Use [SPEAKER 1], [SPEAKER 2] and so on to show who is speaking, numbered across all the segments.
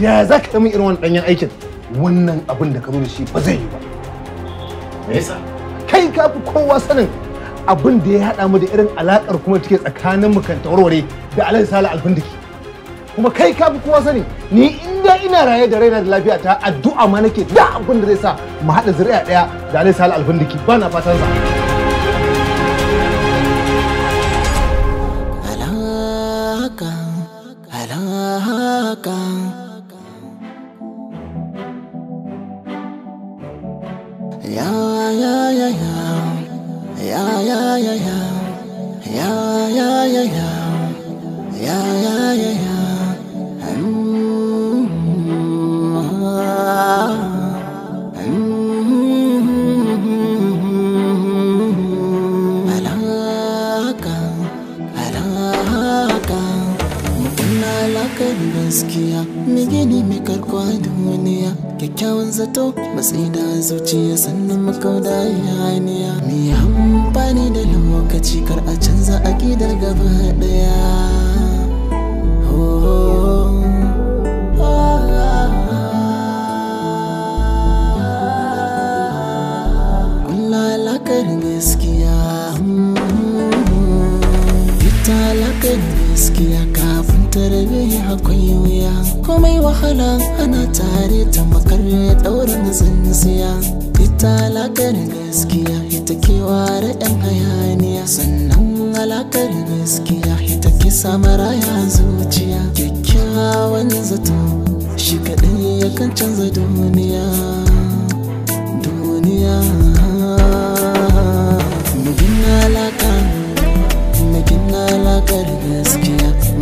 [SPEAKER 1] ya za ka min irin wani ɗanyen aikin wannan abin da ka zo shi ba zai yi ba me yasa kai ka fi kowa sanin abin da ya haɗa mu da irin alaƙar kuma take tsakanin mu kan tawarware da alhaji sala alfindiki kuma kai ka fi kowa sani ni inda ina raye da raina da lafiya ta addu'a ma nake da abin da zai sa mu haɗa zuri'a ɗaya da alhaji sala alfindiki ba na fatan sa
[SPEAKER 2] gaskiya mege ne mai karkwa da ya kyakkyawan zato matsayi da zuciya sannan makauda ya haniya mai amfani da lokaci kar a canza a gidar gaba daya Yeah. tarbe akwai wuya komai wahala ana tare ta makar daurin zanziya ita alakar gaskiya ita ke da yan hayaniya sannan alakar gaskiya ita ke samara ya zuciya kyakkyawan zato shi kaɗai yakan canza duniya duniya gaskiya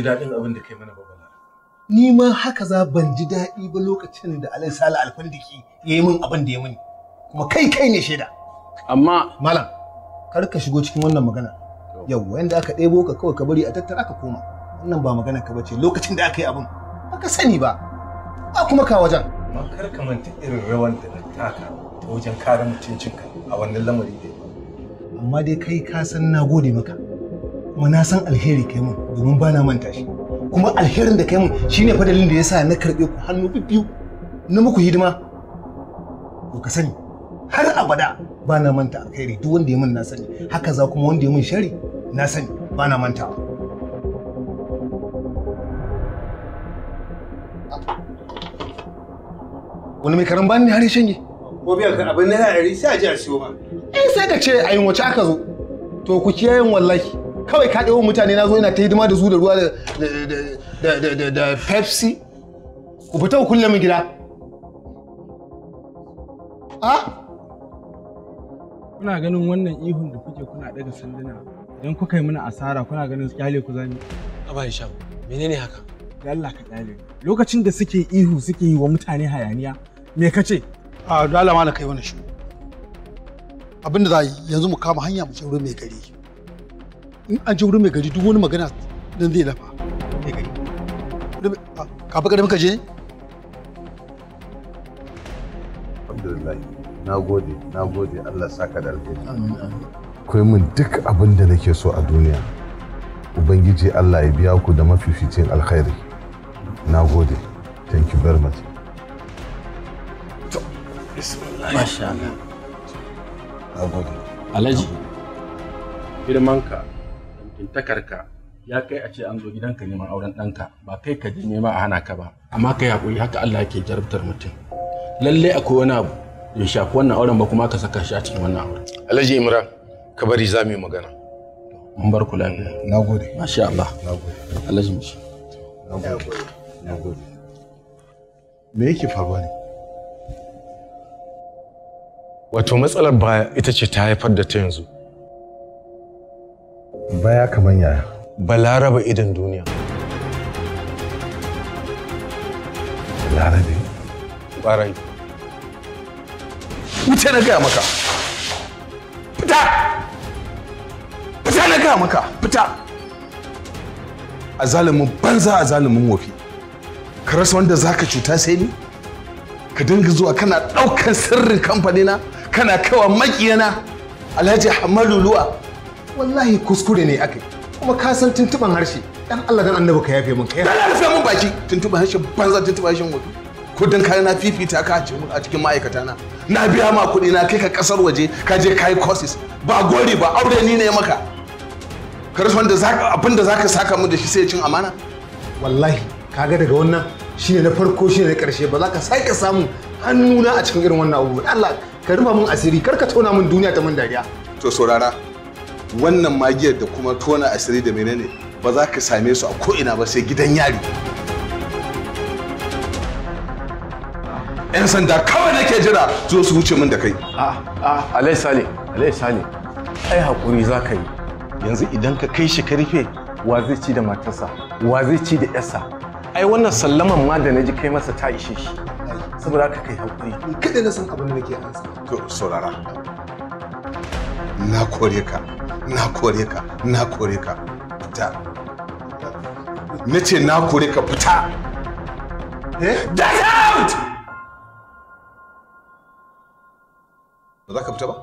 [SPEAKER 1] ji daɗin abin da kai mana ba bala. Ni ma haka za ban ji daɗi ba lokacin da Alai Sala Alfandiki ya yi min abin da ya mini. Kuma kai kai ne shaida. Amma. Malam, kar ka shigo cikin wannan magana. Yau, yanda aka ɗebo ka kawai ka bari a tattara ka koma. Wannan ba magana ka bace lokacin da aka yi abin. Baka sani ba. Ba kuma ka wajen. Ma kar ka manta irin rawan da taka ta wajen kare mutuncinka a wannan lamari da Amma dai kai ka san na gode maka. kuma na san alheri kai mun domin ba na manta shi kuma alherin da kai mun shine fa dalilin da yasa na karbe ku hannu biyu na muku hidima to ka sani har abada ba na manta alheri duk wanda ya mun na sani haka za kuma wanda ya mun shari na sani ba na manta. wani mai karan bani har ya shanye ko biya ka abin da na ɗari sai a ji a siyo ma eh sai ka ce a yin wace aka zo to ku kiyayen wallahi kawai ka ɗewa mutane na zo ina ta hidima da su da ruwa da pepsi ku fita ku kulle min gida a kuna ganin wannan ihun da kuke kuna daga sanduna idan kuka yi mana asara kuna ganin kyale ku zami
[SPEAKER 3] aba isha menene haka da Allah ka kyale
[SPEAKER 1] lokacin da suke ihu suke yi wa mutane hayaniya me kace a dole ma na kai wani shi abinda za yanzu mu kama hanya mu je mai gari in an ji wurin mai gari duk wani magana dan zai lafa mai gari ka baka da muka je
[SPEAKER 4] alhamdulillah na gode na gode Allah saka da alheri kai min duk abin da nake so a duniya ubangiji Allah ya biya ku da mafificin alkhairi na gode thank you very much
[SPEAKER 5] masha Allah
[SPEAKER 3] na gode alhaji ka ya kai a ce an zo gidanka neman auren ɗanka ba kai ka je nema a hana ka ba amma kai hakuri haka Allah yake jarabtar mutum
[SPEAKER 1] lalle akwai wani abu ya shafi wannan auren ba kuma ka saka shi a cikin wannan auren
[SPEAKER 4] Alhaji Imran ka bari za mu yi
[SPEAKER 1] magana mun bar ku lafiya nagode masha Allah nagode Alhaji gode
[SPEAKER 4] nagode nagode me yake faruwa ne wato matsalar baya ita ce ta haifar da ta yanzu Baya kamar yaya. Balaraba idan duniya. Balarabe? Barai. Wuce na gaya maka. Fita! Fita na gaya maka, fita! A zalimin banza a zalimin wofi. Ka rasa wanda za ka cuta sai ni? Ka dinga zuwa kana ɗaukan sirrin kamfanina,
[SPEAKER 1] kana kawa maƙiyana. Alhaji Hamadu Luwa wallahi kuskure ne ake kuma ka san tuntuban harshe dan Allah dan annabi ka yafe mun kai kana rufe mun baki tuntuban harshe
[SPEAKER 4] banza tuntuban harshen wato ko dan kai na fifita ka a cikin ma'aikata na na biya ma kuɗi na kai ka kasar waje ka je kai courses ba gori ba aure ni ne maka
[SPEAKER 1] ka rasa wanda abin da zaka saka mu da shi sai cin amana wallahi kaga daga wannan shine na farko shine na karshe ba za ka sake samun hannuna a cikin irin wannan abubuwan Allah ka rufa mun asiri kar ka tona mun duniya ta mun dariya to saurara wannan
[SPEAKER 4] magiyar da kuma tona asiri da menene ba za ka same su a ko'ina ba sai gidan yari 'yan sanda kawai nake jira zo su wuce min da kai
[SPEAKER 1] a alai sale alai sale ai hakuri za ka yi yanzu idan ka kai shi karfe wa zai ci da matarsa wa zai ci da yasa ai wannan sallaman ma da na ji kai masa ta ishe shi saboda haka kai hakuri kada na san abin da nake ansa to saurara na kore ka na kore ka na kore
[SPEAKER 4] ka fita na ce na kore ka fita eh? get out ba za ka fita ba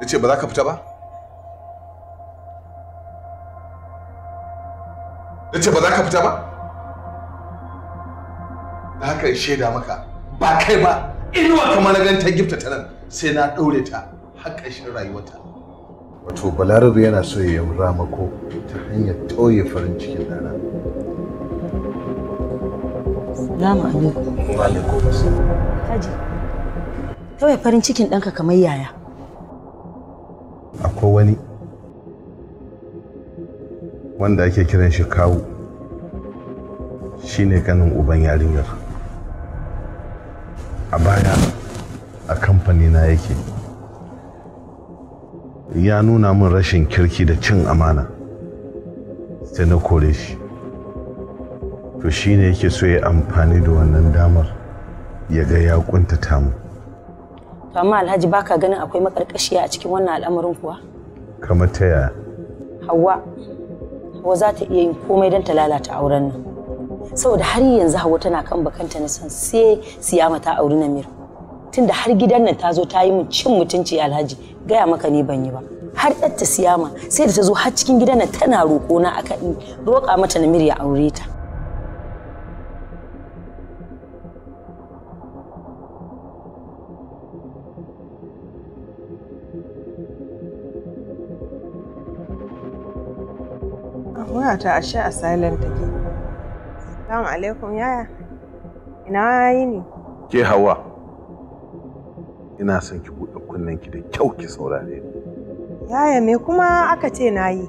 [SPEAKER 4] na ce ba za ka fita ba na ce ba za ka fita ba da haka shaida maka ba kai ba inuwa kamar na ganta gifta ta nan sai na ɗaure ta har ƙarshen rayuwarta wato balarabe yana so ya yaura mako ta hanyar tauye farin cikin ɗana
[SPEAKER 6] Salamu ne Wa alaikum Haji. Kawai farin cikin ɗanka kamar yaya.
[SPEAKER 4] Akwai wani wanda ake kiran shi kawu shine kanin uban yarinyar. a baya a kamfani na yake ya nuna min rashin kirki da cin amana sai na kore shi to shi ne yake so ya amfani da wannan damar ya ga ya kuntata mu
[SPEAKER 6] to amma alhaji baka ganin akwai makarkashiya a cikin wannan al'amarin kuwa
[SPEAKER 4] kamar ta yaya
[SPEAKER 6] hawa hawa za ta iya yin komai don ta lalata auren nan saboda har yanzu hawa tana kan bakanta na san sai siyama ta auri namir tunda har gidan nan ta zo ta yi min cin mutunci alhaji gaya maka ne ban yi ba har ta siyama sai da ta zo har cikin gidan nan tana roƙo na aka roƙa mata namir ya aure ta
[SPEAKER 7] wayata ashe a silent take Assalamu alaikum yaya. Ina yi ne?
[SPEAKER 4] Ke hawa. Ina son ki buɗe kunnenki da kyau ki saurare ni.
[SPEAKER 7] Yaya me kuma aka ce na yi?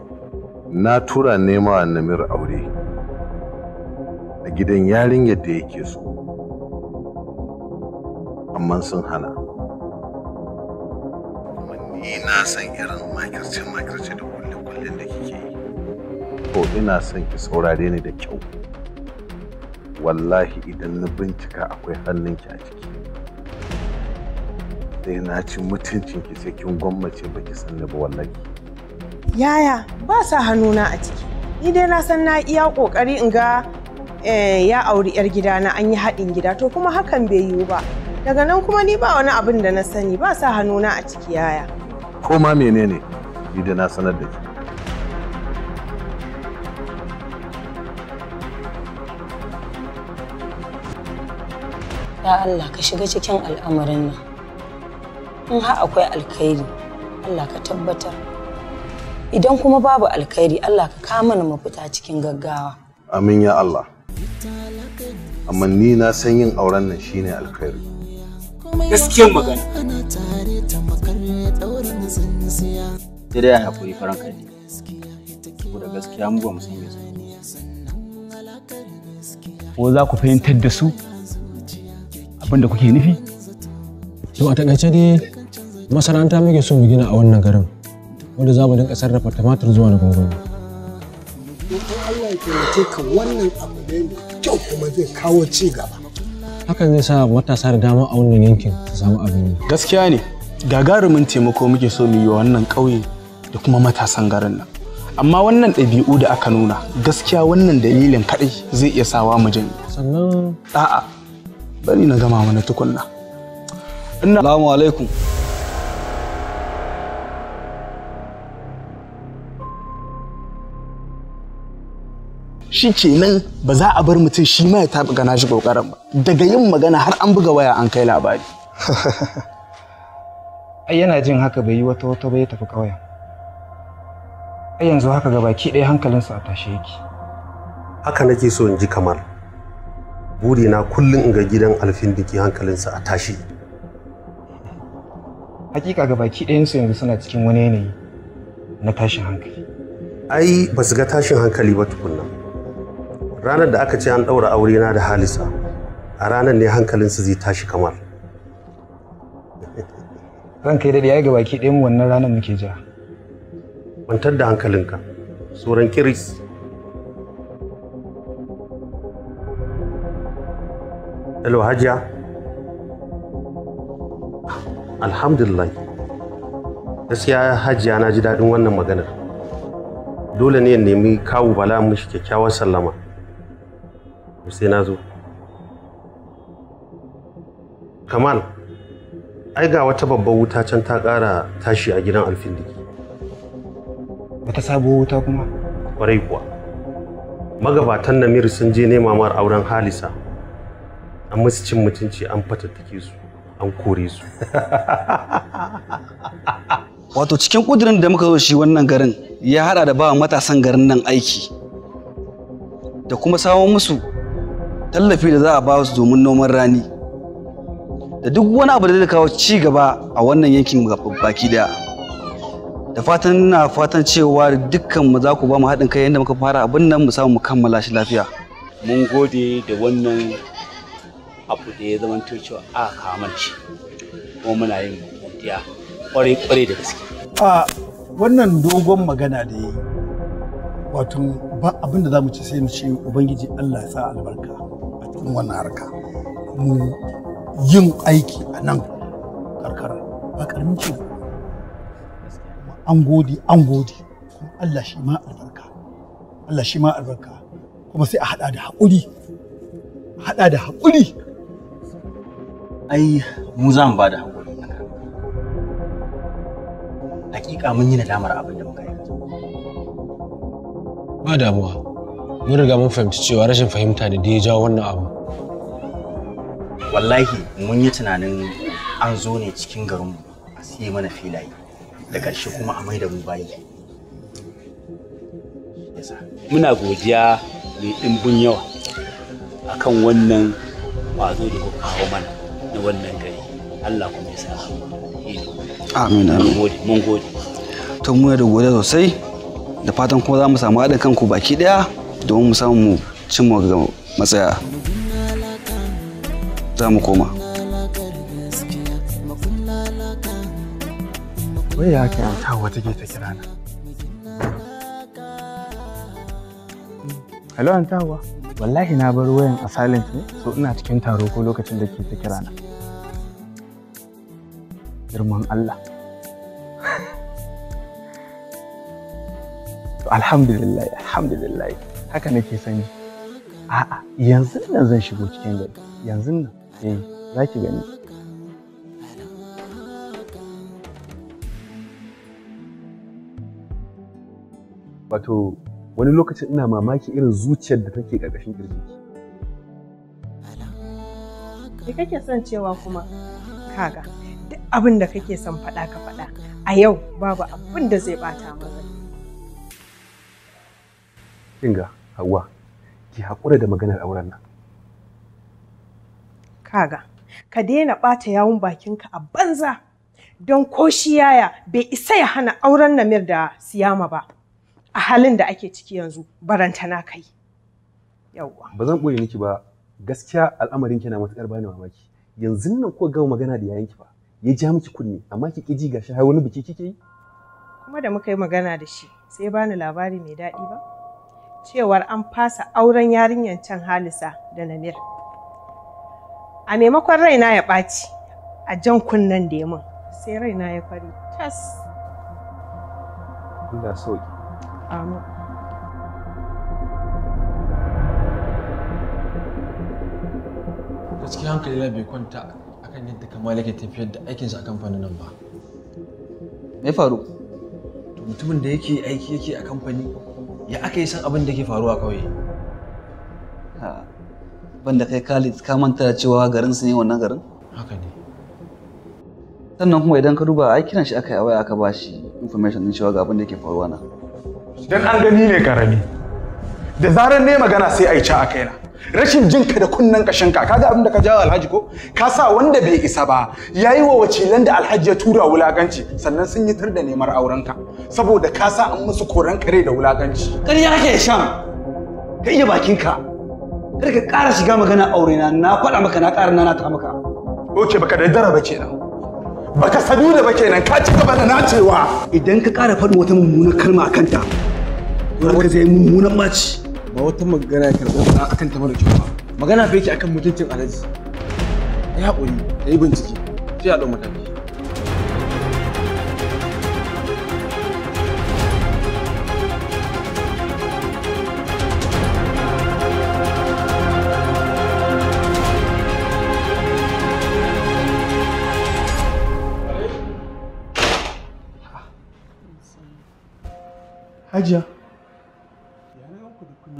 [SPEAKER 4] Na tura nema Namir aure. A gidan yarin yadda yake so. Amma sun hana.
[SPEAKER 5] Ni na san irin makirce-makirce da kulle-kullen da kike
[SPEAKER 4] yi. To ina son ki saurare ni da kyau. wallahi idan na bincika akwai hannunki a ciki sai na ci mutuncinki sai kin gwammace baki ne ba wallahi
[SPEAKER 7] yaya ba sa hannuna a ciki ni dai na san na iya kokari in ga eh, ya auri yar gidana an yi haɗin gida to kuma hakan bai yiwu ba daga nan kuma ni ba wani abin da na sani ba sa hannuna a ciki yaya
[SPEAKER 4] ko ma menene ni da na sanar da ki
[SPEAKER 6] Ya Allah ka shiga cikin al'amarin nan. In har akwai alkhairi, Allah ka tabbatar. Idan kuma babu alkhairi, Allah ka kama mana mafita cikin gaggawa.
[SPEAKER 4] Amin ya Allah. Amma ni na san yin auren nan shine alkhairi.
[SPEAKER 2] Gaskiyar magana. Sai dai a haƙuri faran kai. Saboda gaskiya mu
[SPEAKER 8] ba mu san yanzu. Ko za ku fahimtar
[SPEAKER 1] da su abin da kuke nufi? To a takaice dai masana'anta muke so mu gina a wannan garin wanda za mu dinga sarrafa tumatir zuwa da gwangwani. Mutum Allah ya taimake ka wannan abu ne mai kyau kuma zai kawo ci gaba. Hakan zai sa matasa da dama a wannan yankin su samu abin yi. Gaskiya ne gagarumin taimako muke so mu yi wa wannan ƙauye da kuma matasan garin nan. amma wannan ɗabi'u da aka nuna gaskiya wannan dalilin kaɗai zai iya sawa mu janye
[SPEAKER 5] sannan
[SPEAKER 8] a'a
[SPEAKER 1] bari na gama mana tukunna
[SPEAKER 8] ina salamu alaikum
[SPEAKER 1] shi kenan ba za a bar mutum shi ma ya taɓa gana shi ƙoƙarin ba daga yin magana har an buga waya an kai labari
[SPEAKER 8] ai yana jin haka bai yi wata wata bai tafi ƙauyen ai yanzu haka ga baki ɗaya hankalinsa a tashe yake
[SPEAKER 3] haka nake so in ji kamar burina kullum in ga gidan alfin diki hankalinsa a tashi
[SPEAKER 8] hakika ga baki ɗayansu yanzu suna cikin wani yanayi na tashin hankali
[SPEAKER 3] ai ba su ga tashin hankali ba tukunna ranar da aka ce an ɗaura aure na da halisa a ranar ne hankalinsu zai tashi kamar
[SPEAKER 8] ran kai daɗi ya ga baki ɗayan wannan ranar muke ja
[SPEAKER 3] kwantar da hankalinka tsoron kiris hello hajiya alhamdulillah gaskiya hajiya na ji daɗin wannan maganar dole ne nemi kawu bala mishi kyakkyawar sallama sai na zo kamal ai ga wata babbar wuta can ta ƙara tashi a gidan alfindiki
[SPEAKER 8] wata sabo wuta kuma
[SPEAKER 3] ƙwarai kuwa magabatan namir sun je nema mar auren halisa an musu cin mutunci an fatattake su an kore su wato cikin
[SPEAKER 8] kudirin da muka zo shi wannan garin
[SPEAKER 3] ya hada da ba
[SPEAKER 8] matasan garin nan aiki da kuma samun musu tallafi da za a ba su domin noman rani da duk wani abu da zai kawo ci gaba a wannan yankin baki daya da fatan na fatan cewa dukkan mu za ku ba mu haɗin kai yadda muka fara abin nan mu samu mu kammala shi lafiya
[SPEAKER 1] mun gode da wannan abu da ya zama cewa a kama shi ko muna yin
[SPEAKER 2] godiya kwarai kwarai da gaske
[SPEAKER 1] a wannan dogon magana da yi wato ba abin da za mu ci sai mu ce ubangiji Allah ya sa albarka a cikin wannan harka mu yin aiki a nan karkara ba karamin ce an gode an gode kuma Allah shi ma albarka Allah shi ma albarka kuma sai a hada da haƙuri hada da haƙuri ai
[SPEAKER 3] mu za mu ba da haƙuri hakika mun yi nadamar abin da muka yi
[SPEAKER 8] ba damuwa mun riga mun fahimci cewa rashin fahimta ne da ya jawo wannan abu
[SPEAKER 1] wallahi mun yi tunanin an zo ne cikin garinmu a siye mana filaye da ƙarshe kuma a mai da mu bayi muna godiya mai ɗimbin yawa akan wannan wazo da kuka kawo mana da wannan gari Allah kuma ya sa
[SPEAKER 8] amin amin mun gode to mu da gode sosai da fatan kuma za mu samu haɗin kanku baki ɗaya domin mu samu mu mu ga matsaya za mu koma
[SPEAKER 1] wai ya ka yanta wata ke ta kira na Hello Antawa, wallahi na bar wayan a silent ne, so ina cikin taro ko lokacin da ke ta kira na. girman Allah alhamdulillah alhamdulillah haka nake son ji a'a yanzu nan zan shigo cikin gari yanzu nan eh za ki gani wato wani lokacin ina mamaki irin zuciyar da take ƙarƙashin ƙirjinki
[SPEAKER 7] me kake son cewa kuma kaga duk abin da kake son faɗa ka faɗa a yau babu abin da zai bata maka
[SPEAKER 1] kinga Hauwa ki haƙura da maganar auren nan
[SPEAKER 7] kaga ka daina ɓata yawun bakinka a banza don ko shi yaya bai isa ya hana auren namir da siyama ba a halin da ake ciki yanzu barantana kai yawwa
[SPEAKER 1] ba zan ɓoye miki ba gaskiya al'amarin kina matuƙar bani mamaki yanzu nan ko gama magana da yayanki ba ya ja miki kunne amma ki ji gashi har wani biki kike yi
[SPEAKER 7] kuma da muka yi magana da shi sai bani labari mai daɗi ba cewar an fasa auren yarinyar can halisa da namir a maimakon raina ya ɓaci a jan kunnen da ya sai raina ya fari tas ina so amin
[SPEAKER 8] gaskiya hankali na bai kwanta kan yadda Kamal yake tafiyar da aikinsa a kamfanin nan ba. Me faru? To mutumin da yake aiki yake a kamfani ya aka yi san abin da ke faruwa ƙauye. Ha, ban da kai Khalid ka manta cewa garin su ne wannan garin? Haka ne. Sannan kuma idan ka duba ai kiran shi aka yi a waya aka ba shi information din cewa ga abin da ke faruwa na. Dan an gani
[SPEAKER 1] ne karami. Da zarar ne magana sai a yi ca a kaina. rashin jin ka da kunnan kashin ka kaga abin da ka jawo alhaji ko ka sa wanda bai isa ba yayi wa wacilan da alhaji ya tura wulakanci sannan sun yi tar da neman auren ka saboda ka sa an musu koran kare da wulakanci ƙarya kake shan ka iya bakin ka kar ka ƙara shiga magana aure
[SPEAKER 8] na na faɗa maka na ƙara nana ta maka oke baka da dara ba kenan baka sanu
[SPEAKER 1] da ba kenan ka ci gaba da nacewa idan ka ƙara faɗin wata mummunar kalma a kanta to ranka zai mummunan maci. ba wata magana ya karɓi a akan ta mara kyau ba magana fa yake akan mutuncin alaji ya haƙuri ya yi bincike sai a ɗau mataki Hajiya.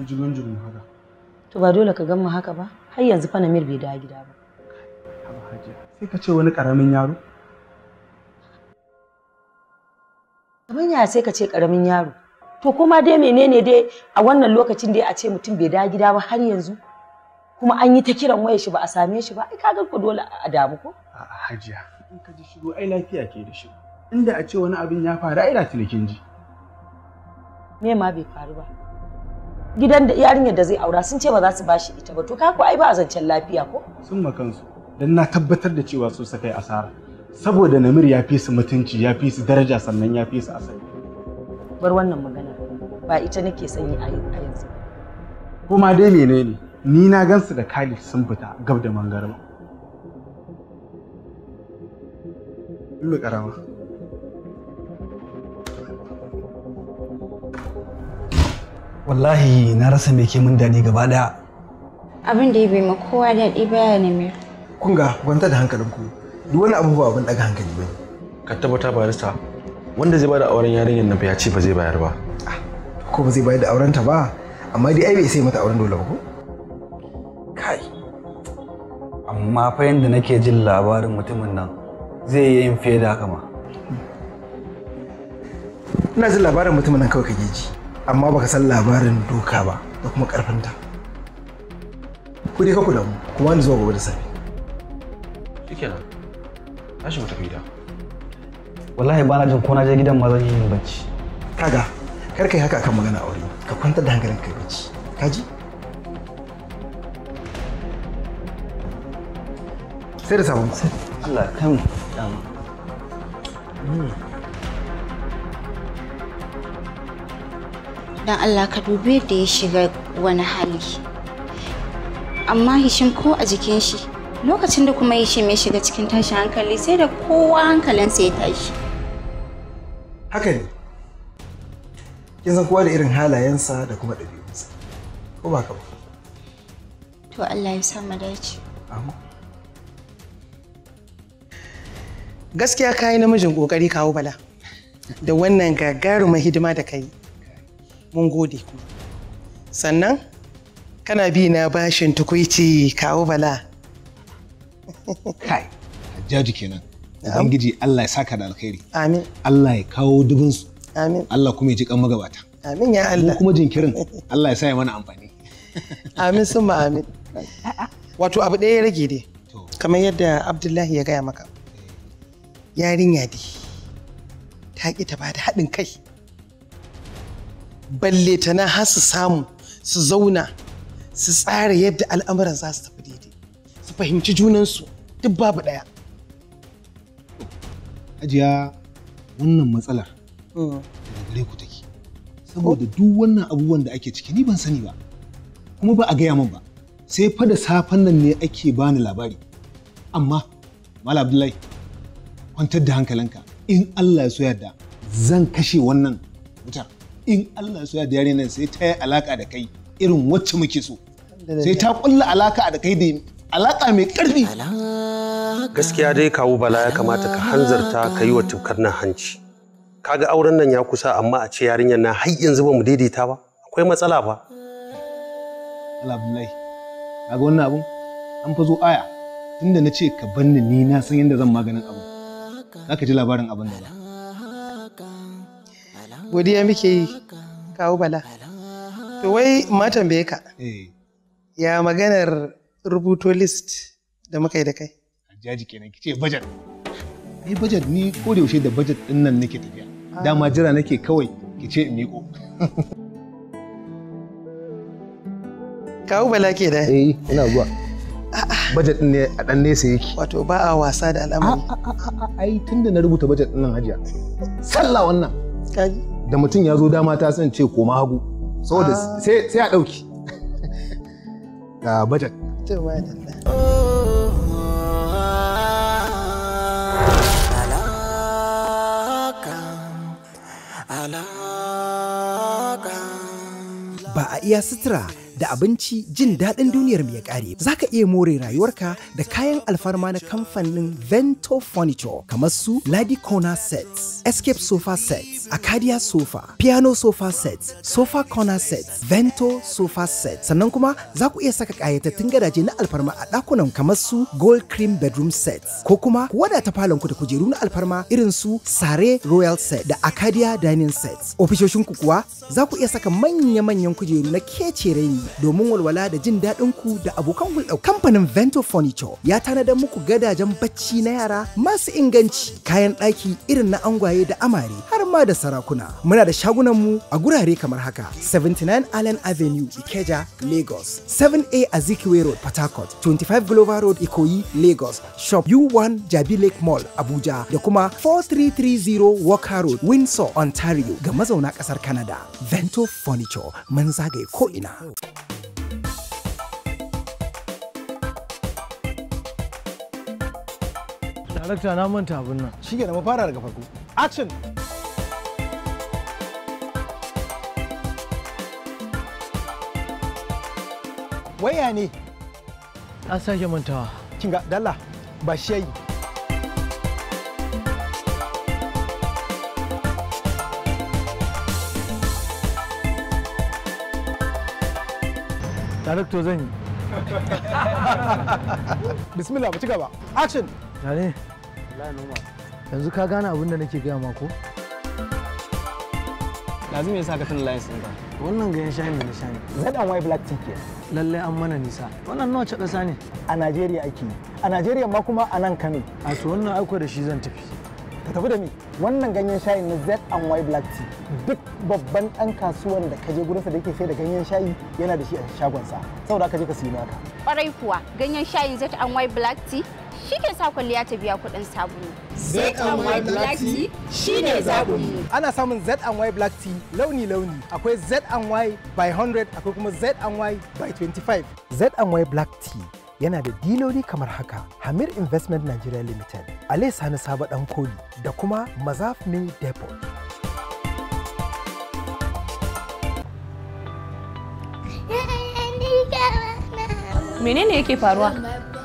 [SPEAKER 1] jigon haka.
[SPEAKER 6] To ba dole ka gan mu haka ba, har yanzu fa Namir bai dawo gida ba.
[SPEAKER 5] Haba Hajiya, sai
[SPEAKER 1] ka ce wani karamin yaro?
[SPEAKER 6] Kamar yaya sai ka ce karamin yaro? To kuma dai menene dai a wannan lokacin dai a ce mutum bai dawo gida ba har yanzu? Kuma an yi ta kiran wayar shi ba a same shi ba, ai ka ga ko dole a damu ko?
[SPEAKER 1] A'a Hajiya, in ka ji
[SPEAKER 6] shigo ai lafiya ke
[SPEAKER 1] da shi. Inda a ce wani abin ya faru ai da tuni kin ji.
[SPEAKER 6] Me ma bai faru ba. gidan da yarinyar da zai aura sun ce ba za su ba shi ita ba to ka ku ai ba a zancen lafiya
[SPEAKER 1] ko sun kansu dan na tabbatar da cewa su sakai asara saboda namir ya fi su mutunci ya fi su daraja sannan ya fi su asali
[SPEAKER 6] bar wannan magana ba ita nake sanyi a yanzu
[SPEAKER 1] kuma dai menene ni na gansu da Khalid sun fita gab da mangarma Ulu
[SPEAKER 8] karama. wallahi na rasa me ke mun daɗi gaba daya.
[SPEAKER 9] abin da ya bai ma kowa daɗi baya ne mai kun ga kwanta
[SPEAKER 1] da hankalinku duk wani abu ba abin daga hankali ba ka tabbata barista wanda zai bada auren yarinyar nan ya ce ba zai bayar ba ah, ko ba zai bayar da aurenta ba amma dai ai bai sai mata auren dole ba ko kai
[SPEAKER 8] amma fa yanda nake jin labarin mutumin nan zai yi yin fiye da haka ma
[SPEAKER 1] ina jin labarin mutumin nan kawai kake ji amma baka san labarin doka ba da kuma karfinta ku dai ka kula mu kuma ni zuwa gobe da safe shikenan tashi mu tafi gida
[SPEAKER 8] wallahi ba na jin ko na je gidan ma zan yi yin bacci kaga kar kai haka kan magana aure
[SPEAKER 1] ka kwantar da hankalin kai bacci kaji sai da sabon Allah kan dama
[SPEAKER 5] hmm.
[SPEAKER 9] don Allah ka dubi yadda ya shiga wani hali amma hishin ko
[SPEAKER 6] a jikin shi lokacin da kuma Hishim ya shiga cikin tashin hankali sai da kowa hankalinsa ya
[SPEAKER 1] tashi haka ne kin san kowa da irin halayensa da kuma ɗabi'unsa ko ba ka ba
[SPEAKER 9] to Allah ya sa mu dace gaskiya yi
[SPEAKER 1] namijin kokari kawo bala da wannan gagarumar hidima da kai mun gode sannan kana bi na bashin tukuici kawo bala kai hajjaji kenan ubangiji Allah ya saka da alkhairi amin Allah ya kawo dubin su amin Allah kuma ya ji kan magabata amin ya Allah kuma jinkirin Allah ya sa ya mana amfani amin sun ma amin wato abu ɗaya ya rage dai kamar yadda Abdullahi ya gaya maka eh. yarinya dai ta ki ta bada haɗin kai balletana har su samu su zauna su tsara yadda al'amuran za su tafi daidai su fahimci junansu duk babu ɗaya. ajiya wannan matsalar hmm. da gare ku take saboda duk wannan abubuwan da ake ciki ni ban sani ba kuma ba a gaya min ba sai fa da safen nan ne ake bani labari amma mala abdullahi kwantar da hankalinka in allah ya so yarda zan kashe wannan wutar in Allah so ya da nan sai ta yi alaka da kai irin wacce muke so sai ta kulla alaka da kai da alaka mai karfi
[SPEAKER 3] gaskiya dai kawo bala ya kamata ka hanzarta ka yi wa tukar nan hanci kaga auren nan ya kusa amma a ce yarinyar na har yanzu ba mu daidaita ba akwai matsala ba
[SPEAKER 1] Alhamdulillah, kaga wannan abun an fa zo aya tunda na ce ka banni ni na san yadda zan maganin abu zaka ji labarin abin da ba godiya muke yi kawo bala to wai matan bai ka eh. ya maganar rubuto list da muka yi da kai jaji kenan kice budget ni budget ni ko da yaushe da budget din nan nake tafiya ah. dama jira nake kawai kice in ko. kawo bala ke da eh ina zuwa ah, ah. budget din ne a dan nesa yake wato ba a wasa da al'amari ai tunda na rubuta budget din nan hajiya sallah wannan kaji da mutum ya zo dama ta san ce koma hagu saboda ah. sai a ɗauki ga budget ba a iya sutura da abinci jin daɗin duniyar mu ya ƙare. Za ka iya more rayuwarka da kayan alfarma na kamfanin Vento Furniture kamar su Ladi Corner Sets, Escape Sofa Sets, Acadia Sofa, Piano Sofa Sets, Sofa Corner Sets, Vento Sofa Sets. Sannan kuma za ku iya saka ƙayatattun gadaje na alfarma a ɗakunan kamar su Gold Cream Bedroom Sets ko kuma wadata falon ku da kujeru na alfarma irin su Sare Royal Set da Acadia Dining Sets. ku kuwa za ku iya saka manya-manyan kujeru na kece raini domin walwala da jin daɗin ku da abokan hulɗa. Kamfanin Vento Furniture ya tanadar muku gadajen bacci na yara masu inganci, kayan ɗaki irin na angwaye da amare har ma da sarakuna. Muna da shagunan mu a gurare kamar haka: 79 Allen Avenue, Ikeja, Lagos, 7A Azikiwe Road, Port Harcourt, 25 Glover Road, Ikoyi, Lagos, Shop U1 Jabi Lake Mall, Abuja, da kuma 4330 Walker Road, Windsor, Ontario ga mazauna ƙasar Canada. Vento Furniture mun zagaye ko'ina. darakta na manta abin nan shi mu fara daga farko action waya ne an sake mantawa kinga dalla ba shi yayi Darakto zan yi. Bismillah, ba ci gaba. Action! Tare. yanzu ka gane abin da nake gaya mako yanzu me yasa ka tana layin sun wannan ganyen shani na shani red and white black tea ke lallai an mana nisa wannan nawa ce kasa ne a najeriya ake yi a najeriya ma kuma a nan kano a to wannan aiko da shi zan tafi ka tafi da ni wannan ganyen shayi na z and y black tea duk babban dan kasuwan da ka je gurinsa da yake sai da ganyen shayi yana da shi a shagonsa saboda ka je ka siyo naka
[SPEAKER 7] kwarai kuwa ganyen
[SPEAKER 6] shayi z and y black tea shi ke sa kwalliya ta biya kuɗin sabulu. ZY Black Tea
[SPEAKER 1] shi ne zabuni. Ana samun ZY Black Tea launi-launi. Akwai ZY by 100 akwai kuma ZY by 25. ZY Black Tea yana da diloli kamar haka Hamir Investment Nigeria Limited, Ale Sani Saba Dan Koli da kuma Mazaf Mill Depot.
[SPEAKER 2] Menene yake faruwa?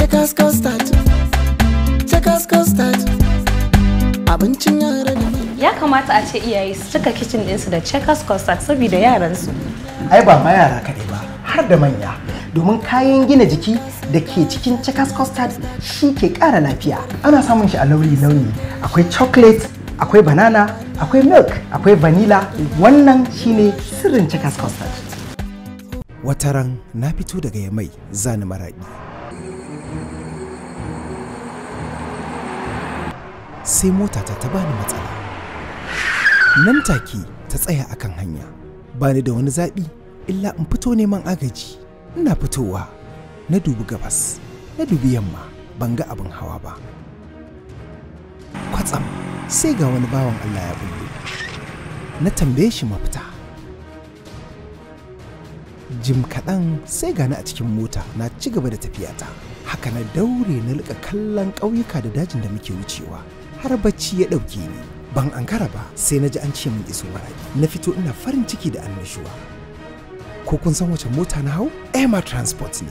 [SPEAKER 2] Checkers custard. Checkers custard. Abincin yara da Ya kamata a ce iyaye
[SPEAKER 6] su cika kicin ɗinsu da checkers custard saboda yaransu.
[SPEAKER 2] Ai ba
[SPEAKER 1] ma yara kaɗai ba, har da manya. Domin kayan gina jiki da ke cikin checkers custard shi ke ƙara lafiya. Ana samun shi a launi-launi. Akwai chocolate, akwai banana, akwai milk, akwai vanilla. Wannan shine sirrin checkers custard. Wataran na fito daga yamai zani maraɗi. sai mota ta bani matsala nan take ta tsaya akan hanya Ba ni da wani zaɓi illa in fito neman agaji ina fitowa na dubi gabas na dubi yamma ban ga abin hawa ba kwatsam sai ga wani bawan allah ya bullo na tambaye shi mafita jim kaɗan sai gani a cikin mota na ci gaba da tafiyata haka na daure na liƙa kallon ƙauyuka da dajin da muke wucewa har bacci ya ɗauke ni ban ankara ba sai na ji an ce min iso maradi na fito ina farin ciki da annashuwa ko kun san wace mota na hau ema transport ne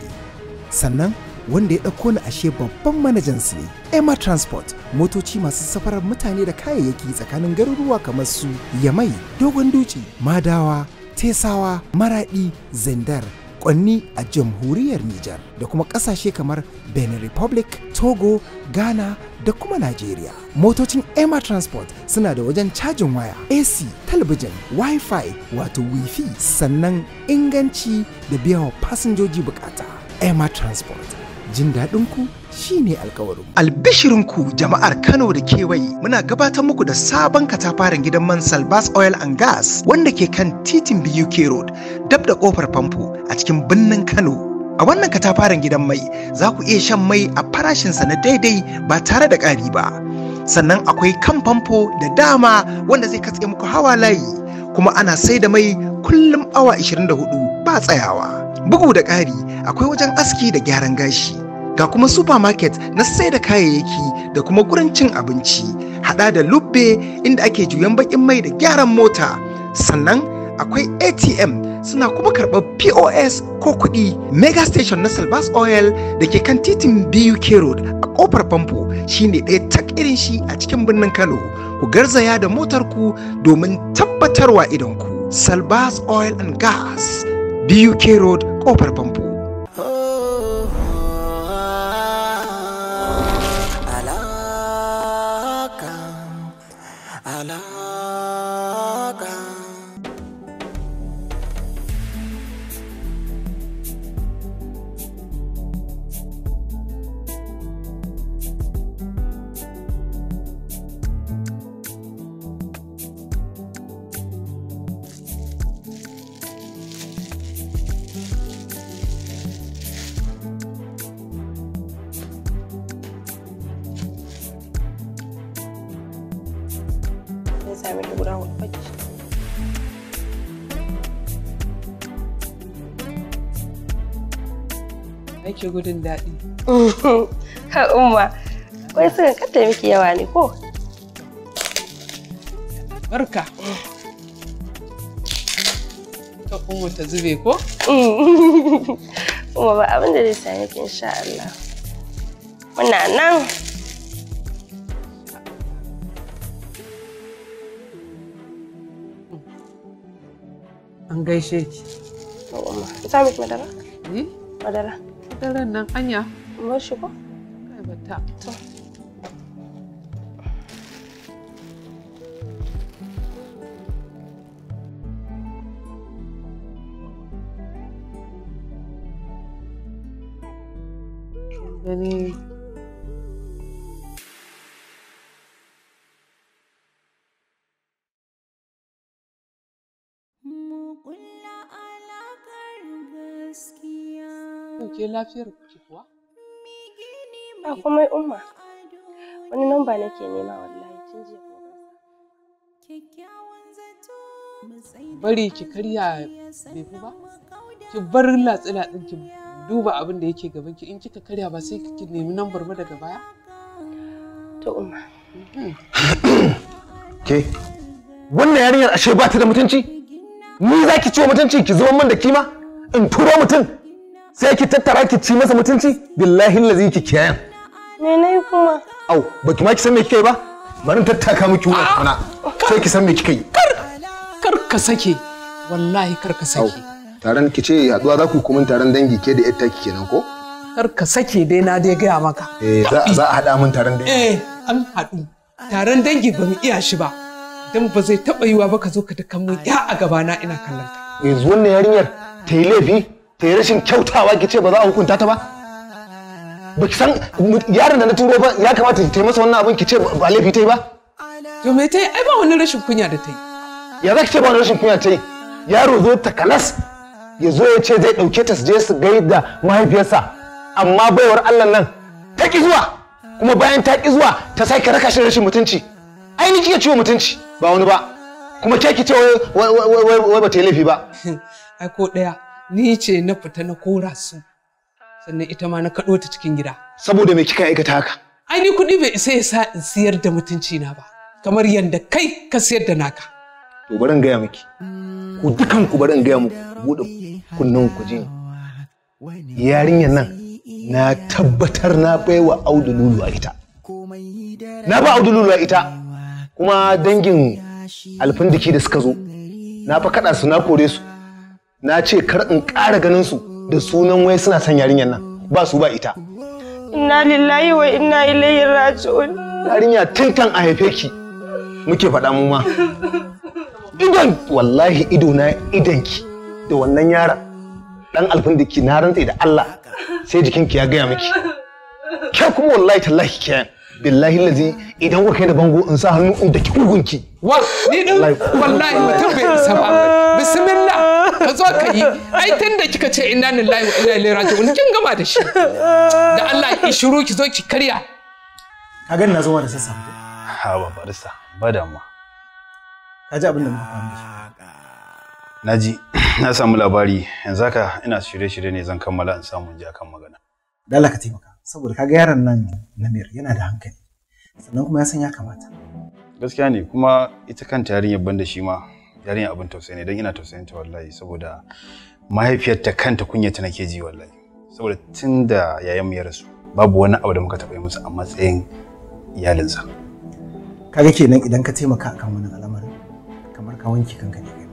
[SPEAKER 1] sannan wanda ya ɗauko ni ashe babban manajan su ne ema transport motoci masu safarar mutane da kayayyaki tsakanin garuruwa kamar su yamai dogon duci madawa tesawa Maraɗi, zindar kwanni a jamhuriyar Nijar da kuma ƙasashe kamar Benin Republic, Togo, Ghana da kuma Najeriya. Motocin Emma Transport suna da wajen cajin waya, AC, talabijin, Wi-Fi wato Wi-Fi sannan inganci da biyawa fasinjoji bukata. Emma Transport jin daɗinku ne alkawarin. Albishirinku jama'ar Kano da kewaye muna gabatar muku da sabon katafaren gidan man Salbas Oil and Gas wanda ke kan titin BUK Road dab da kofar famfo a cikin birnin Kano. A wannan katafaren gidan mai za ku iya shan mai a farashinsa na daidai ba tare da ƙari ba. Sannan akwai kan famfo da dama wanda zai katse muku hawa layi kuma ana sai da mai kullum awa 24 ba tsayawa. Bugu da ƙari akwai wajen aski da gyaran gashi, ga kuma supermarket na sai da kayayyaki da kuma gurin cin abinci, hada da lube, inda ake juyan bakin mai da gyaran mota. Sannan akwai ATM suna kuma karɓar POS ko kuɗi. Mega station na Salvas Oil da ke kan titin BUK Road a ƙofar famfo shine ɗaya tak irin shi a cikin birnin Kano. Ku garzaya da motarku domin tabbatarwa idonku. Salvas Oil and Gas. BUK Road, Koparbambu.
[SPEAKER 10] ke gudun daɗi. Ka umma,
[SPEAKER 6] kai suka kata miki yawa ne ko?
[SPEAKER 10] Barka. Ka umma ta zube ko?
[SPEAKER 5] Mm.
[SPEAKER 9] Umma ba abin da zai sami ki insha Allah. Muna nan.
[SPEAKER 10] An gaishe ki. Umma, ta miki madara? Eh? Madara. daren nan anya. Ba shi ko? Kai bata. To.
[SPEAKER 5] ke lafiyar
[SPEAKER 7] ku ce kuwa? Ba komai umma. Wani namba nake nema wallahi tun jiya Bari ki karya bai fi ba?
[SPEAKER 10] Ki bar latsi latsin ki duba abin da yake gaban ki in kika karya ba sai ki nemi nambar ba daga baya? To umma. Mm-hmm.
[SPEAKER 1] Ke wannan yarinyar ashe ba ta da mutunci? Ni za ki ciwo mutunci ki zama man da kima? In turo mutum sai ki tattara ki ci masa mutunci billahi lazi ki kiyayen
[SPEAKER 9] me ne kuma
[SPEAKER 1] au baki ma ki san me kike ba bari tattaka miki wannan ah! kana sai ki san me kike yi kar kar ka sake wallahi kar ka sake taron ki ce haduwa za ku kuma taron dangi ke da yatta ki kenan ko
[SPEAKER 10] kar ka sake dai na dai gaya maka eh za
[SPEAKER 1] a hada mun taron dangi
[SPEAKER 10] eh an hadu taron dangi ba mu iya shi ba dan ba zai taba yiwa ba ka zo ka dukan mun ya a gabana ina kallon ka yanzu wannan yarinyar ta yi laifi ta yi rashin kyautawa ki ce ba za a hukunta ta ba ba ki san
[SPEAKER 1] yaron da na turo ba ya kamata ta yi masa wannan abin ki ce ba laifi ta yi ba to me ta yi ai ba wani rashin kunya da ta yi ya za ki ce ba wani rashin kunya ta yi yaro zo ta kalas ya zo ya ce zai ɗauke ta su je su gaida mahaifiyarsa amma baiwar Allah nan ta ki zuwa kuma bayan ta ki zuwa ta sake raka shi rashin mutunci ainihin kike ciwo mutunci ba wani ba kuma ke ki ce wai wai wai ba ta yi laifi ba
[SPEAKER 10] ai ko ɗaya ni ce na fita na kora su sannan ita ma na kaɗo ta cikin gida. Saboda
[SPEAKER 1] me kika aikata haka?
[SPEAKER 10] Ai ni kuɗi bai isa ya sa in siyar da mutunci na ba kamar yadda kai ka siyar da naka.
[SPEAKER 1] To bari in gaya miki. Ku dukan ku bari in gaya muku buɗe kunnen ku ji. Yarinyar nan na tabbatar na baiwa Audu Lulu a ita. Na ba Audu Lulu a ita kuma dangin alfindiki da suka zo na fa kaɗa su na kore su na ce kar in ƙara ganin su da sunan wai suna son yarinyar nan ba su ba ita
[SPEAKER 7] inna lillahi wa inna ilaihi
[SPEAKER 1] raji'un yarinya tuntan a haife ki muke faɗa mu ma idon wallahi ido na idon ki da wannan yara dan alfin da ki na rantsa da Allah sai jikin ki ya gaya miki ke kuma wallahi tallahi ke billahi lazi idan kuka kai da bango in sa hannu in da ki kugunki
[SPEAKER 10] wallahi mutum bai isa ba bismillah ka zo ka yi ai tun da kika ce inna lillahi wa inna ilaihi raji'un kin gama da shi da Allah ki shiru ki zo ki karya ka ga na zuwa da sassa
[SPEAKER 1] ha ba barista ba damuwa ka ji abin da muka fahimta na ji na samu labari yanzu haka ina shirye-shirye ne zan kammala in samu ji akan magana da Allah ka taimaka saboda kaga yaron nan Namir yana da hankali sannan kuma ya san ya kamata gaskiya ne kuma ita kanta yarinyar da shi ma yarinya abin tausayi ne don ina tausayin ta wallahi saboda mahaifiyarta kanta kunyata nake ji wallahi saboda tun da yayan mu ya rasu babu wani abu da muka taɓa yi musu a matsayin iyalinsa kaga kenan idan ka taimaka akan wannan al'amarin kamar ka wanke kanka ne kai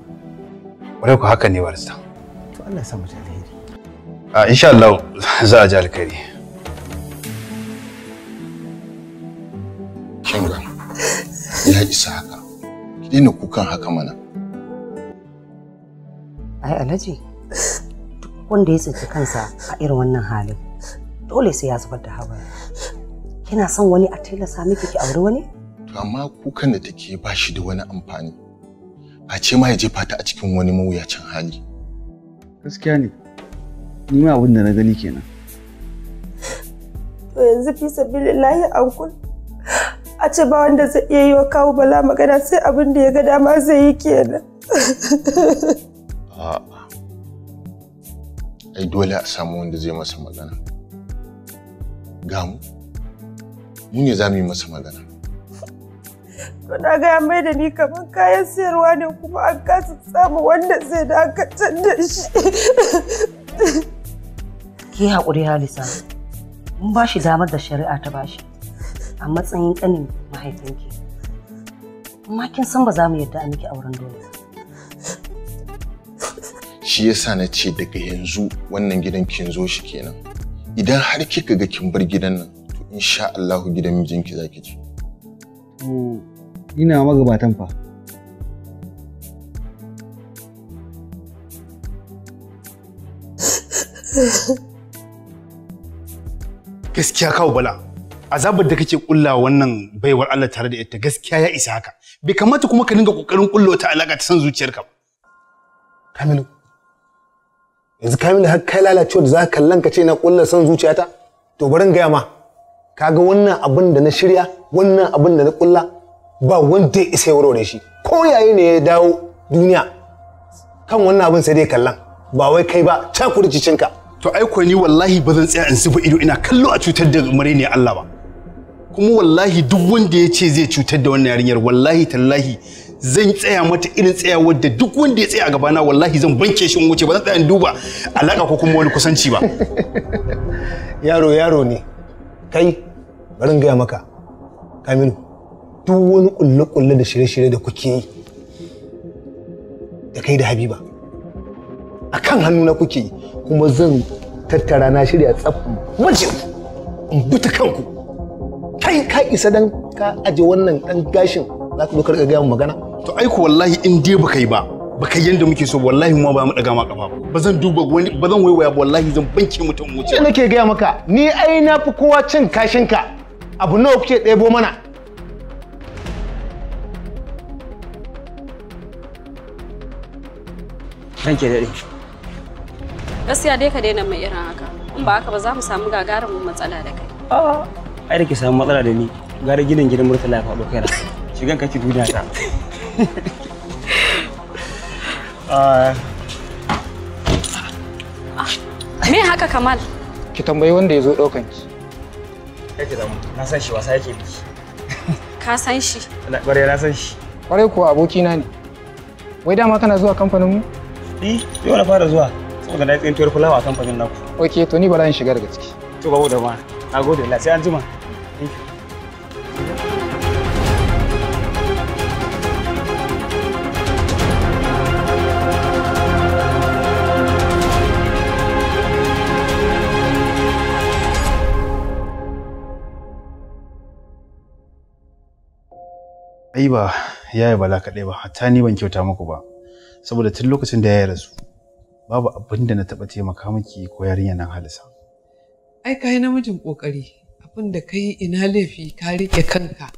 [SPEAKER 1] ƙwarai ku haka ne warsa to Allah ya sa mu alheri a insha Allah za a ji alkhairi
[SPEAKER 11] shin ya isa haka ki daina kukan haka mana ai alhaji
[SPEAKER 9] wanda ya tsinci kansa a irin wannan halin dole sai ya zubar da hawaye kina son wani a tilasa miki ki aure wani
[SPEAKER 11] to amma kukan da take ba shi da wani amfani a ce ma ya jefa ta a cikin wani mawuyacin hali gaskiya ne ni ma abin da na gani kenan
[SPEAKER 7] to yanzu fi sabilillahi ankul a ce ba wanda zai iya yi wa kawo bala magana sai abin da ya ga dama zai yi kenan
[SPEAKER 5] a'a
[SPEAKER 11] ai dole a samu wanda zai masa magana gamu mu ne za mu yi masa magana
[SPEAKER 7] To na ga ya mai da ni kamar kayan sayarwa ne kuma an kasa samu wanda zai dakatar da shi
[SPEAKER 9] ki haƙuri halisa mun ba shi damar da shari'a ta bashi a matsayin ƙanin mahaifinki amma kin san ba za mu yarda a miki auren dole ba
[SPEAKER 11] shi yasa na ce daga yanzu wannan gidan kin zo shi kenan idan har kika ga kin bar gidan nan to insha Allah gidan mijinki zaki ci
[SPEAKER 8] to ina magabatan fa
[SPEAKER 1] gaskiya kawo bala azabar da kake kulla wannan baiwar Allah tare da ita gaskiya ya isa haka bai kamata kuma ka dinga kokarin kullo wata alaka ta san zuciyarka ba Kamilu yanzu ka da har kai lalacewa da za ka kallon ka ce na kulla son zuciyata to barin gaya ma kaga wannan abin da na shirya wannan abin da na kulla ba wanda ya isa warware shi ko yayi ne ya dawo duniya kan wannan abin sai dai kallon ba wai kai ba ta cinka to ai ni wallahi ba zan tsaya in zuba ido ina kallo a cutar da ne Allah ba kuma wallahi duk wanda ya ce zai cutar da wannan yarinyar wallahi tallahi zan tsaya mata irin tsaya wadda duk wanda ya tsaya gabana wallahi zan banke shi wuce ba zan tsaya duba alaka ko kuma wani kusanci ba yaro yaro ne kai bari gaya maka Kamilu duk wani kulle-kulle da shirye-shirye da kuke yi da kai da Habiba a kan hannu na kuke yi kuma zan tattara na shirya tsaf waje in buta kanku kai ka isa dan ka aje wannan dan gashin za ka zo ka gaya magana to ai ko wallahi in dai baka yi ba baka yanda muke so wallahi ma ba mu daga ma kafa ba zan duba wani ba zan waiwaya ba wallahi zan banke mutum wuce ina ke gaya maka ni ai na fi kowa cin kashin ka abu nawa kuke ɗebo mana
[SPEAKER 11] you, daɗe.
[SPEAKER 3] Gaskiya dai ka daina mai irin haka. In ba haka ba za mu samu mu matsala da kai.
[SPEAKER 5] A'a,
[SPEAKER 8] ai da ke samu matsala da ni. Gara ginin gidan Murtala ya faɗo kaina. Shigan kake duniya ta.
[SPEAKER 6] Me haka Kamal?
[SPEAKER 8] Ki tambayi wanda ya zo ɗaukan ki. Kai ki na san shi wasa yake miki. Ka san shi? Ƙwarai na san shi.
[SPEAKER 1] Ƙwarai kuwa abokina ne. Wai dama kana zuwa kamfanin mu? Eh, yau na fara zuwa. Saboda na yi tsintuwar fulawa a kamfanin naku. Ok, to ni ba za in shiga daga ciki. To babu da ma. Na gode, Allah sai an jima. Thank you.
[SPEAKER 3] ai ba yaya bala
[SPEAKER 1] kaɗai ba hatta ni ban kyauta muku ba saboda tun lokacin da ya rasu babu abin da na taɓa taimaka miki ko yarinya nan halisa
[SPEAKER 10] ai kai namijin kokari abin da kai ina laifi ka rike kanka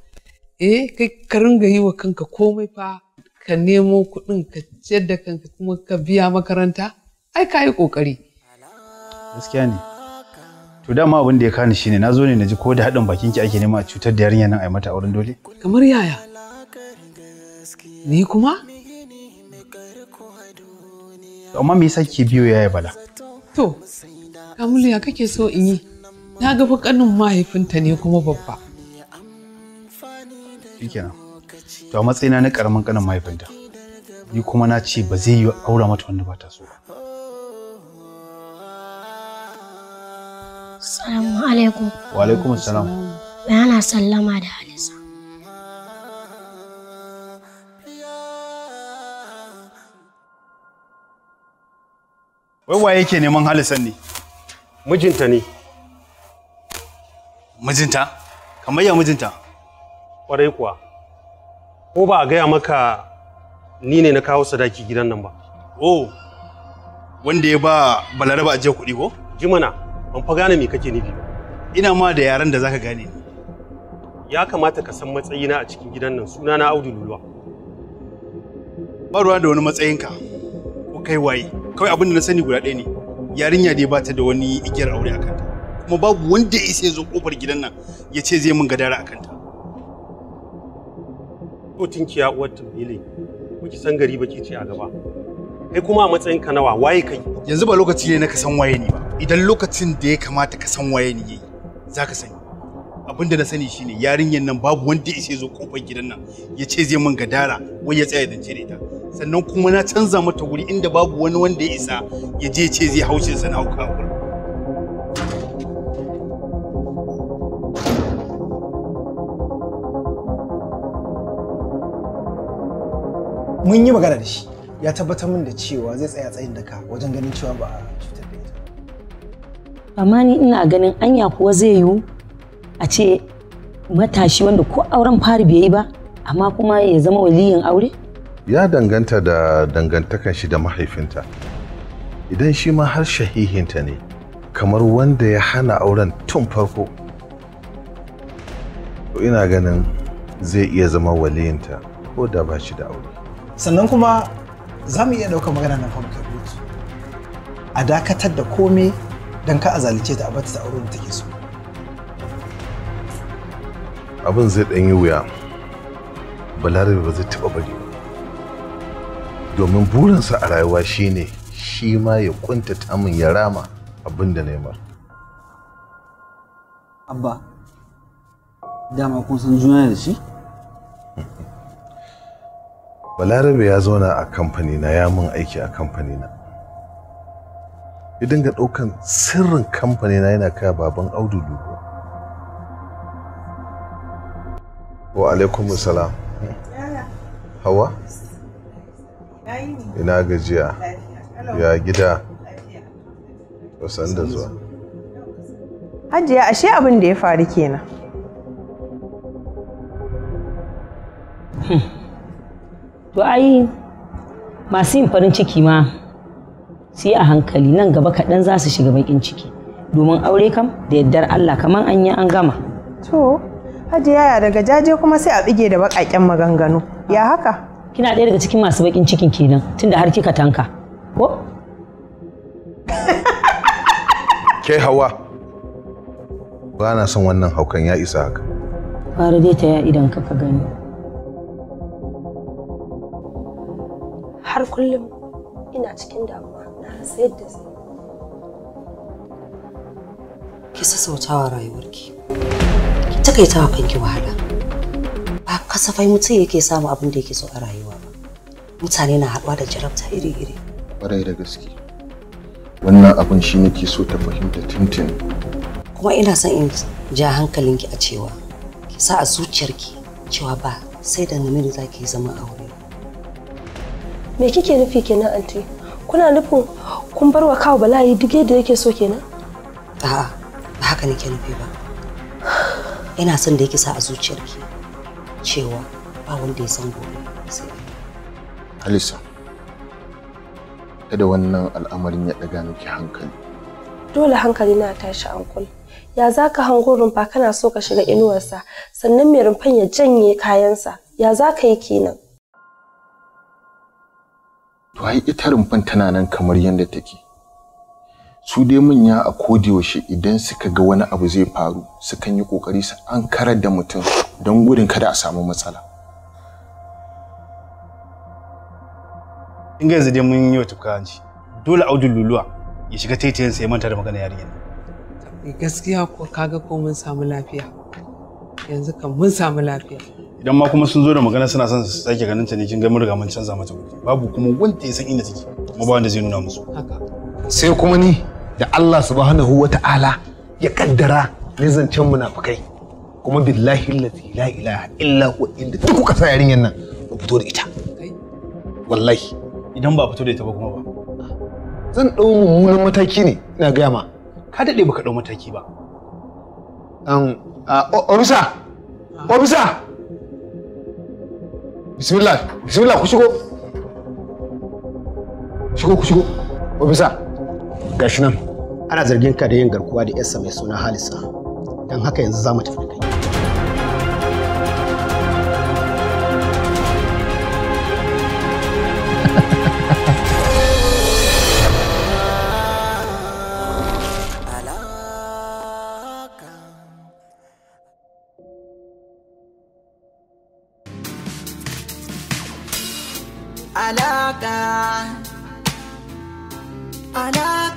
[SPEAKER 10] eh kai ka ringa yi wa kanka komai fa ka nemo kuɗin ka ciyar da kanka kuma ka biya makaranta ai ka yi kokari
[SPEAKER 1] gaskiya ne to dama abin da ya kani shine na zo ne na ji ko da haɗin bakin ki ake nema a cutar da yarinya nan a mata auren dole
[SPEAKER 10] kamar yaya Ni kuma?
[SPEAKER 1] Amma me yasa ke biyo yaya bala?
[SPEAKER 10] To, Kamulu ya kake so in yi? Na ga kanin mahaifinta ne kuma babba.
[SPEAKER 1] Shikenan. To a matsayina na karamin kanin mahaifinta. Ni kuma na ce ba zai yi aura mata wanda ba ta so ba.
[SPEAKER 12] Assalamu alaikum. Wa
[SPEAKER 10] alaikum assalam.
[SPEAKER 6] ana sallama da Halisa.
[SPEAKER 1] Wai
[SPEAKER 3] waye yake neman halisan ne? Mijinta ne. Mijinta? Kamar ya mijinta? Ƙwarai kuwa. Ko ba a gaya maka ni ne na kawo sadaki gidan nan ba. Oh, wanda ya ba balaraba ajiyar kuɗi ko? Jimana, ban fa gane me kake nufi ba. Ina ma da yaran da zaka gane. Ya kamata ka san matsayina a cikin gidan nan suna na Audu Luluwa. Ba ruwa da wani matsayinka, ko kai waye. kawai abin da na sani guda ɗaya ne
[SPEAKER 1] yarinya dai ta da wani igiyar aure a kanta kuma babu wanda ya isa ya zo kofar gidan nan ya ce zai min gadara a kanta
[SPEAKER 3] ko tinkiya uwar tumbili kuki san gari baki ce a gaba kai kuma a matsayin ka nawa waye kai yanzu ba
[SPEAKER 1] lokaci ne na ka san waye ni ba idan lokacin da ya kamata ka san waye ni yayi zaka sani abinda na sani shine yarinyar nan babu wanda ya zo kofar gidan nan ya ce zai min gadara wai ya tsaya dance da ita sannan kuma na canza mata wuri inda babu wani wanda ya isa ya je ce zai haushin sa na hauka wurin mun yi magana da shi ya tabbatar min da cewa zai tsaya tsayin daka wajen ganin cewa ba a cutar da ita
[SPEAKER 6] amma ni ina ganin anya kuwa zai yiwu a ce matashi wanda ko auren fari bai yi ba amma kuma ya zama waliyin aure?
[SPEAKER 4] Ya danganta da dangantakan shi da mahaifinta. Idan shi ma har shahihinta ne, kamar wanda ya hana auren tun farko. To ina ganin zai iya zama waliyinta ko da ba shi da
[SPEAKER 1] aure. Sannan kuma za mu iya ɗaukar magana na fa A dakatar da komai don ka a zalice ta a bata auren da take so.
[SPEAKER 4] abin zai ɗan yi wuya balarabe ba zai taɓa bari ba domin burinsa a rayuwa shine shi ma ya kuntata min ya rama abin da neman
[SPEAKER 8] abba dama kun san juna da shi
[SPEAKER 4] balarabe ya zauna a kamfani na ya mun aiki a kamfani na ya dinga ɗaukan sirrin kamfani na yana kaya baban audu dubu wa alaikum salam hawa ina gajiya ya gida wasan da zuwa
[SPEAKER 7] hajiya ashe abin da ya faru kenan
[SPEAKER 6] to ai masu yin farin ciki ma sai a hankali nan gaba kaɗan za su shiga bakin ciki domin aure kam da yardar Allah kamar an yi an gama to
[SPEAKER 7] hajiya ya daga jaje kuma sai a bige da baƙaƙen maganganu ya haka
[SPEAKER 6] kina ɗaya daga cikin masu baƙin cikin kenan tunda har kika tanka ko
[SPEAKER 4] ke hawa ba na son wannan haukan ya isa haka
[SPEAKER 6] fara dai ta ya idan ka ka gani har kullum ina cikin damuwa na rasa da zai
[SPEAKER 9] ki sassautawa rayuwarki takaita wa kanki wahala ba kasafai mutum yake samu abin da yake so a rayuwa ba mutane na haɗuwa da jarabta iri-iri
[SPEAKER 11] ƙwarai da gaske wannan abin shi nake so ta fahimta tuntun
[SPEAKER 9] kuma ina son in ja hankalinki a cewa ki sa a zuciyarki cewa ba sai da namiji za ki zama aure
[SPEAKER 6] me kike nufi kenan anti kuna nufin kun bar wa kawo bala'i duk yadda yake so kenan
[SPEAKER 9] a'a ba haka nake nufi ba yana son da yake sa a zuciyarki cewa ba wanda ya san gobe sai
[SPEAKER 11] kada wannan al'amarin ya daga miki hankali
[SPEAKER 6] dole hankali na tashi ankul ya za ka hango rumfa kana so ka shiga inuwarsa sannan mai rumfan ya janye kayansa ya za ka yi kenan
[SPEAKER 11] to ai ita rumfan tana nan kamar yadda take su dai manya a yaushe idan suka ga wani abu zai faru su kan yi kokari su an karar da mutum don gudun kada a samu matsala
[SPEAKER 1] in ga yanzu dai mun yi wa kanci dole audun luluwa ya shiga taitayen sai manta da magana yarinyar
[SPEAKER 10] eh, gaskiya ko kaga ko mun samu lafiya yanzu kan mun samu lafiya
[SPEAKER 1] idan ma kuma sun zo da magana suna son su sake ganin ta ne kin ga mun riga mun canza mata babu kuma wanda ya san inda take kuma ba wanda zai nuna musu haka sai kuma ni da Allah subhanahu wa ta'ala ya kaddara ne zancen munafukai kuma billahi lati la ilaha illa huwa inda duk kuka sa yarinyan nan ku fito da ita wallahi idan ba fito da ita ba kuma ba zan dau mummunan mataki ne ina gaya ma ka dade baka dau mataki ba um obisa obisa bismillah bismillah ku shigo shigo ku shigo obisa gashi nan ana zargin ka da yin garkuwa da yarsa mai suna halisa don haka yanzu za mu tafi kai
[SPEAKER 12] alaka alaka